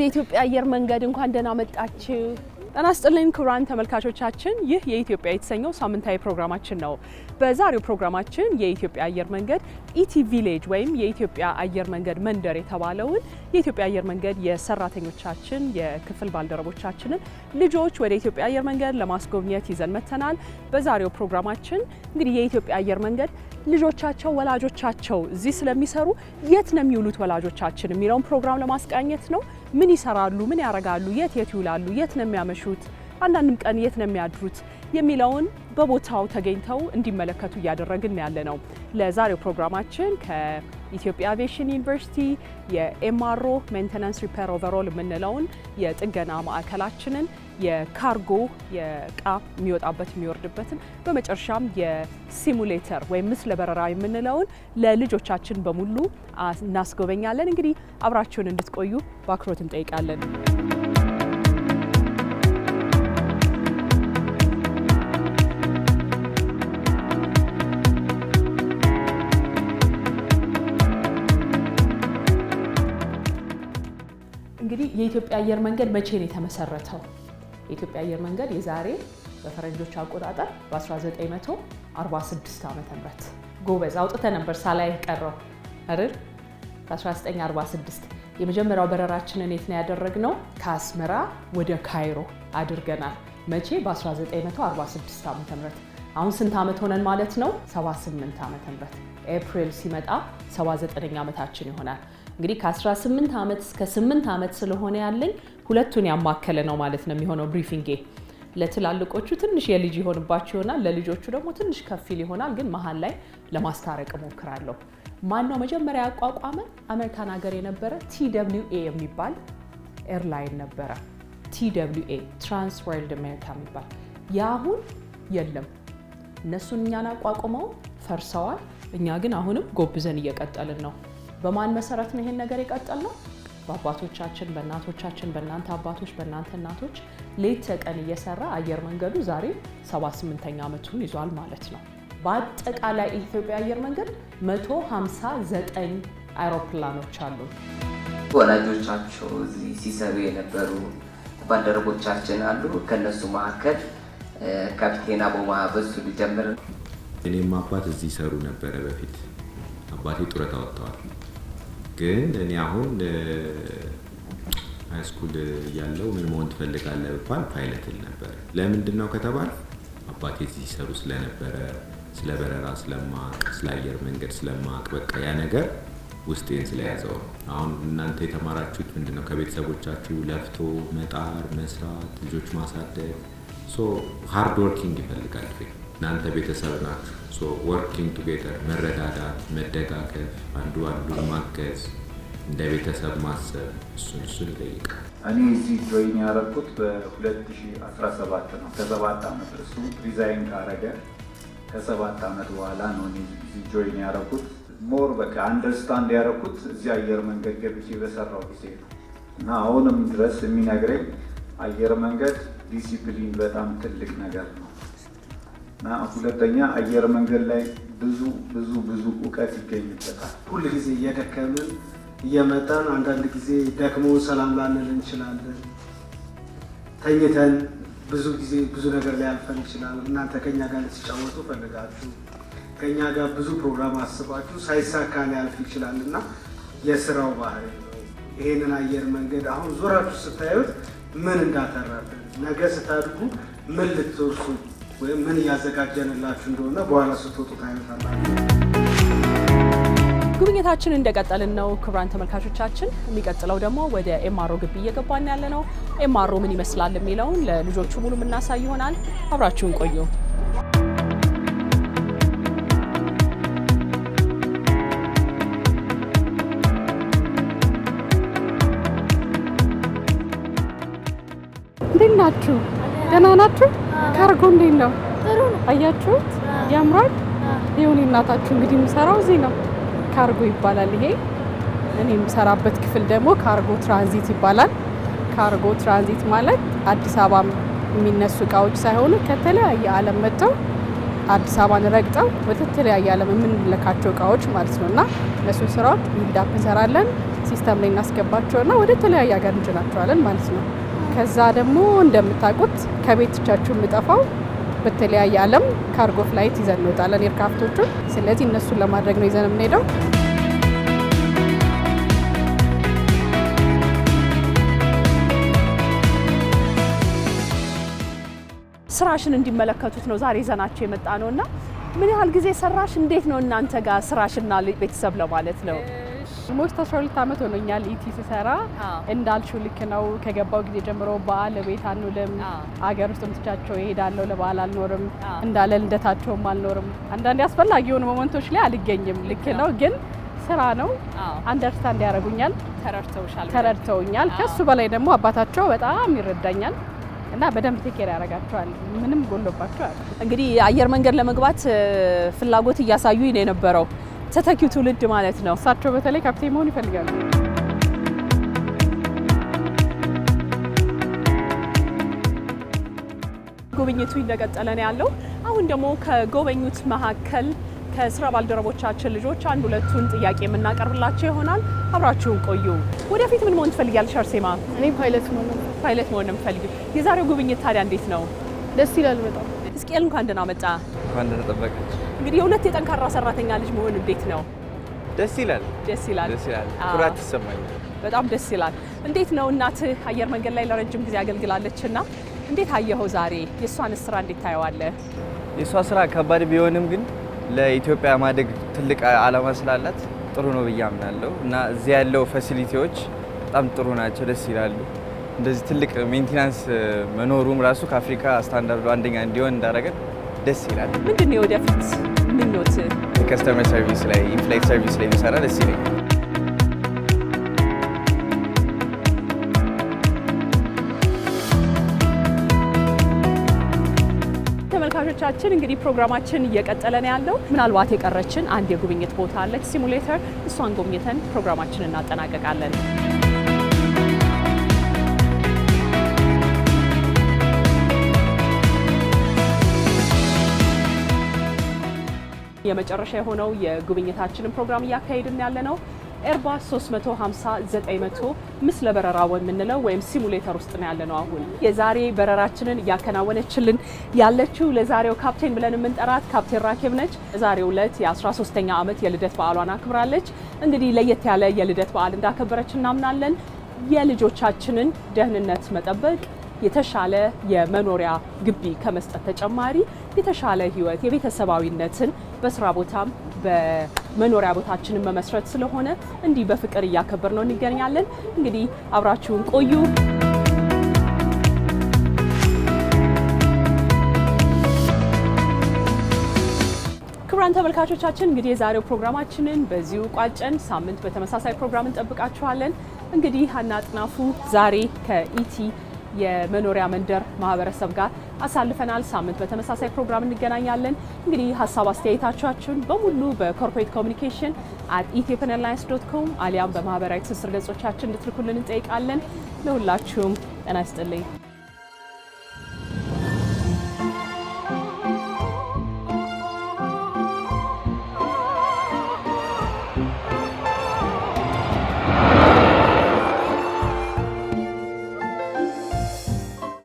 ወደ ኢትዮጵያ አየር መንገድ እንኳን ደህና መጣችሁ። ጤና ይስጥልኝ ክቡራን ተመልካቾቻችን፣ ይህ የኢትዮጵያ የተሰኘው ሳምንታዊ ፕሮግራማችን ነው። በዛሬው ፕሮግራማችን የኢትዮጵያ አየር መንገድ ኢቲ ቪሌጅ ወይም የኢትዮጵያ አየር መንገድ መንደር የተባለውን የኢትዮጵያ አየር መንገድ የሰራተኞቻችን የክፍል ባልደረቦቻችንን ልጆች ወደ ኢትዮጵያ አየር መንገድ ለማስጎብኘት ይዘን መጥተናል። በዛሬው ፕሮግራማችን እንግዲህ የኢትዮጵያ አየር መንገድ ልጆቻቸው ወላጆቻቸው እዚህ ስለሚሰሩ የት ነው የሚውሉት ወላጆቻችን የሚለውን ፕሮግራም ለማስቃኘት ነው። ምን ይሰራሉ፣ ምን ያረጋሉ፣ የት የት ይውላሉ፣ የት ነው የሚያመሹት፣ አንዳንድም ቀን የት ነው የሚያድሩት የሚለውን በቦታው ተገኝተው እንዲመለከቱ እያደረግን ያለ ነው። ለዛሬው ፕሮግራማችን ከኢትዮጵያ አቪዬሽን ዩኒቨርሲቲ የኤምአርኦ ሜንቴናንስ ሪፔር ኦቨሮል የምንለውን የጥገና ማዕከላችንን የካርጎ የእቃ የሚወጣበት የሚወርድበትን፣ በመጨረሻም የሲሙሌተር ወይም ምስለ በረራ የምንለውን ለልጆቻችን በሙሉ እናስጎበኛለን። እንግዲህ አብራችሁን እንድትቆዩ በአክብሮት እንጠይቃለን። እንግዲህ የኢትዮጵያ አየር መንገድ መቼ ነው የተመሰረተው? የኢትዮጵያ አየር መንገድ የዛሬ በፈረንጆች አቆጣጠር በ1946 ዓ ም ጎበዝ አውጥተ ነበር ሳላይ ቀረው አይደል? በ1946 የመጀመሪያው በረራችንን የት ነው ያደረግነው? ከአስመራ ወደ ካይሮ አድርገናል። መቼ? በ1946 ዓ ም አሁን ስንት ዓመት ሆነን ማለት ነው? 78 ዓ ም ኤፕሪል ሲመጣ 79 ዓመታችን ይሆናል። እንግዲህ ከ18 ዓመት እስከ 8 ዓመት ስለሆነ ያለኝ ሁለቱን ያማከለ ነው ማለት ነው የሚሆነው ብሪፊንጌ። ለትላልቆቹ ትንሽ የልጅ ይሆንባቸው ይሆናል፣ ለልጆቹ ደግሞ ትንሽ ከፊል ይሆናል። ግን መሀል ላይ ለማስታረቅ እሞክራለሁ። ማነው መጀመሪያ ያቋቋመ? አሜሪካን ሀገር የነበረ ቲ ኤ የሚባል ኤርላይን ነበረ። ቲ ትራንስ ወርልድ አሜሪካ የሚባል የአሁን የለም። እነሱን እኛን አቋቁመው ፈርሰዋል። እኛ ግን አሁንም ጎብዘን እየቀጠልን ነው። በማን መሰረት ነው ይሄን ነገር የቀጠል ነው? በአባቶቻችን በእናቶቻችን በእናንተ አባቶች በእናንተ እናቶች ሌት ተቀን እየሰራ አየር መንገዱ ዛሬ 78ኛ ዓመቱን ይዟል ማለት ነው። በአጠቃላይ የኢትዮጵያ አየር መንገድ 159 አይሮፕላኖች አሉ። ወላጆቻቸው እዚህ ሲሰሩ የነበሩ ባልደረቦቻችን አሉ። ከነሱ መካከል ካፒቴን አቦማ በሱ ሊጀምር። እኔም አባት እዚህ ይሰሩ ነበረ በፊት አባቴ ጡረታ ወጥተዋል። ግን እኔ አሁን ሃይስኩል ያለው ምን መሆን ትፈልጋለህ ብባል ፓይለትን ነበር። ለምንድን ነው ከተባል አባቴ እዚህ ሲሰሩ ስለነበረ ስለ በረራ ስለማቅ ስለ አየር መንገድ ስለማቅ በቃ ያ ነገር ውስጤን ስለያዘው ነው። አሁን እናንተ የተማራችሁት ምንድን ነው? ከቤተሰቦቻችሁ ለፍቶ መጣር፣ መስራት፣ ልጆች ማሳደግ ሶ ሃርድ ወርኪንግ ይፈልጋል። እናንተ ቤተሰብ ናችሁ። ወርኪንግ ቱጌተር መረዳዳት፣ መደጋገፍ፣ አንዱ አንዱ ማገዝ፣ እንደ ቤተሰብ ማሰብ እሱን እሱን ይጠይቃል። እኔ እዚህ ጆይን ያደረኩት በ2017 ነው። ከሰባት ዓመት እሱ ሪዛይን ካረገ ከሰባት ዓመት በኋላ ነው እኔ እዚህ ጆይን ያደረኩት። ሞር በቃ አንደርስታንድ ያደረኩት እዚህ አየር መንገድ ገብቼ በሰራው ጊዜ ነው እና አሁንም ድረስ የሚነግረኝ አየር መንገድ ዲሲፕሊን በጣም ትልቅ ነገር ነው እና ሁለተኛ አየር መንገድ ላይ ብዙ ብዙ ብዙ እውቀት ይገኝበታል። ሁል ጊዜ እየደከምን እየመጣን አንዳንድ ጊዜ ደክሞ ሰላም ላንል እንችላለን። ተኝተን ብዙ ጊዜ ብዙ ነገር ሊያልፈን ይችላል። እናንተ ከኛ ጋር ልትጫወቱ ፈልጋችሁ ከኛ ጋር ብዙ ፕሮግራም አስባችሁ ሳይሳካ ሊያልፍ ይችላል እና የስራው ባህሪ ነው። ይሄንን አየር መንገድ አሁን ዞራችሁ ስታዩት ምን እንዳተረፍን ነገ ስታድጉ ምን ልትወርሱ ወይም ምን እያዘጋጀንላችሁ እንደሆነ በኋላ ስትወጡ ታዩታላችሁ። ጉብኝታችን እንደቀጠልን ነው ክቡራን ተመልካቾቻችን። የሚቀጥለው ደግሞ ወደ ኤማሮ ግቢ እየገባን ያለ ነው። ኤማሮ ምን ይመስላል የሚለውን ለልጆቹ ሙሉ የምናሳይ ይሆናል። አብራችሁን ቆዩ። እንዴት ናችሁ? ደህና ናችሁ? ካርጎ እንዴት ነው? አያችሁት? ያምራል። ይሁን እናታችሁ እንግዲህ የምሰራው እዚህ ነው። ካርጎ ይባላል ይሄ። እኔ የምሰራበት ክፍል ደግሞ ካርጎ ትራንዚት ይባላል። ካርጎ ትራንዚት ማለት አዲስ አበባ የሚነሱ እቃዎች ሳይሆኑ ከተለያየ ዓለም መጥተው አዲስ አበባን ረግጠው ወደ ተለያየ ዓለም የምንልካቸው እቃዎች ማለት ነው እና እነሱን ስራዎች ቢልዳፕ እንሰራለን። ሲስተም ላይ እናስገባቸውና ወደ ተለያየ ሀገር እንችላቸዋለን ማለት ነው። ከዛ ደግሞ እንደምታውቁት ከቤቶቻችሁ የምጠፋው በተለያየ ዓለም ካርጎ ፍላይት ይዘን እንወጣለን ኤርክራፍቶቹን። ስለዚህ እነሱን ለማድረግ ነው ይዘን የምንሄደው። ስራሽን እንዲመለከቱት ነው ዛሬ ይዘናቸው የመጣ ነው እና ምን ያህል ጊዜ ሰራሽ? እንዴት ነው እናንተ ጋር ስራሽና ቤተሰብ ለማለት ነው? ሞስት 12 ዓመት ሆኖኛል ኢቲ ስሰራ። እንዳልሽው ልክ ነው። ከገባው ጊዜ ጀምሮ በዓል ቤት አንውልም። አገር ውስጥ ምትቻቸው ይሄዳለሁ። ለበዓል አልኖርም እንዳለ ልደታቸውም አልኖርም። አንዳንዴ አስፈላጊ የሆኑ ሞመንቶች ላይ አልገኝም። ልክ ነው ግን ስራ ነው። አንደርስታንድ ያደርጉኛል፣ ተረድተውኛል። ከሱ በላይ ደግሞ አባታቸው በጣም ይረዳኛል እና በደንብ ቴኬር ያደርጋቸዋል። ምንም ጎሎባቸዋል እንግዲህ አየር መንገድ ለመግባት ፍላጎት እያሳዩ ነው የነበረው ተተኪው ትውልድ ማለት ነው። እሳቸው በተለይ ካፕቴን መሆን ይፈልጋሉ። ጉብኝቱ እንደቀጠለ ነው ያለው። አሁን ደግሞ ከጎበኙት መካከል ከስራ ባልደረቦቻችን ልጆች አንድ ሁለቱን ጥያቄ የምናቀርብላቸው ይሆናል። አብራችሁን ቆዩ። ወደፊት ምን መሆን ትፈልጊያለሽ አርሴማ? እኔ ፓይለት መሆን ፓይለት መሆን የምፈልጊው። የዛሬው ጉብኝት ታዲያ እንዴት ነው? ደስ ይላል በጣም። እስቄል እንኳን ደህና መጣ። እንኳን ደህና እንግዲህ የሁለት የጠንካራ ሰራተኛ ልጅ መሆን እንዴት ነው? ደስ ይላል። ደስ ይላል። ኩራት ይሰማኛል። በጣም ደስ ይላል። እንዴት ነው እናትህ አየር መንገድ ላይ ለረጅም ጊዜ አገልግላለች እና እንዴት አየኸው ዛሬ? የእሷን ስራ እንዴት ታየዋለህ? የእሷ ስራ ከባድ ቢሆንም ግን ለኢትዮጵያ ማደግ ትልቅ አላማ ስላላት ጥሩ ነው ብዬ አምናለሁ እና እዚህ ያለው ፋሲሊቲዎች በጣም ጥሩ ናቸው፣ ደስ ይላሉ። እንደዚህ ትልቅ ሜንቴናንስ መኖሩም ራሱ ከአፍሪካ ስታንዳርዱ አንደኛ እንዲሆን እንዳረገን። ደስ ይላል። ምንድን ነው ወደፊት ምኞት? ከስተመር ሰርቪስ ላይ ኢንፍላይት ሰርቪስ ላይ የሚሰራ ደስ ይለኛል። ተመልካቾቻችን እንግዲህ ፕሮግራማችን እየቀጠለ ነው ያለው። ምናልባት የቀረችን አንድ የጉብኝት ቦታ አለች ሲሙሌተር፣ እሷን ጎብኝተን ፕሮግራማችን እናጠናቀቃለን። የመጨረሻ የሆነው የጉብኝታችንን ፕሮግራም እያካሄድን ያለ ነው። ኤርባስ 350 900 ምስለ በረራ የምንለው ወይም ሲሙሌተር ውስጥ ነው ያለነው። አሁን የዛሬ በረራችንን እያከናወነችልን ያለችው ለዛሬው ካፕቴን ብለን የምንጠራት ካፕቴን ራኬብ ነች። ዛሬው ዕለት የ13ኛ ዓመት የልደት በዓሏን አክብራለች። እንግዲህ ለየት ያለ የልደት በዓል እንዳከበረች እናምናለን። የልጆቻችንን ደህንነት መጠበቅ የተሻለ የመኖሪያ ግቢ ከመስጠት ተጨማሪ የተሻለ ህይወት የቤተሰባዊነትን በስራ ቦታም በመኖሪያ ቦታችንን መመስረት ስለሆነ እንዲህ በፍቅር እያከበር ነው እንገኛለን። እንግዲህ አብራችሁን ቆዩ። ክቡራን ተመልካቾቻችን እንግዲህ የዛሬው ፕሮግራማችንን በዚሁ ቋጨን። ሳምንት በተመሳሳይ ፕሮግራም እንጠብቃችኋለን። እንግዲህ ሀና አጥናፉ ዛሬ ከኢቲ የመኖሪያ መንደር ማህበረሰብ ጋር አሳልፈናል። ሳምንት በተመሳሳይ ፕሮግራም እንገናኛለን። እንግዲህ ሀሳብ አስተያየታችሁን በሙሉ በኮርፖሬት ኮሚኒኬሽን አት ኢትዮጵያን ኤርላይንስ ዶት ኮም አሊያም በማህበራዊ ትስስር ገጾቻችን እንድትልኩልን እንጠይቃለን። ለሁላችሁም ጤና ይስጥልኝ።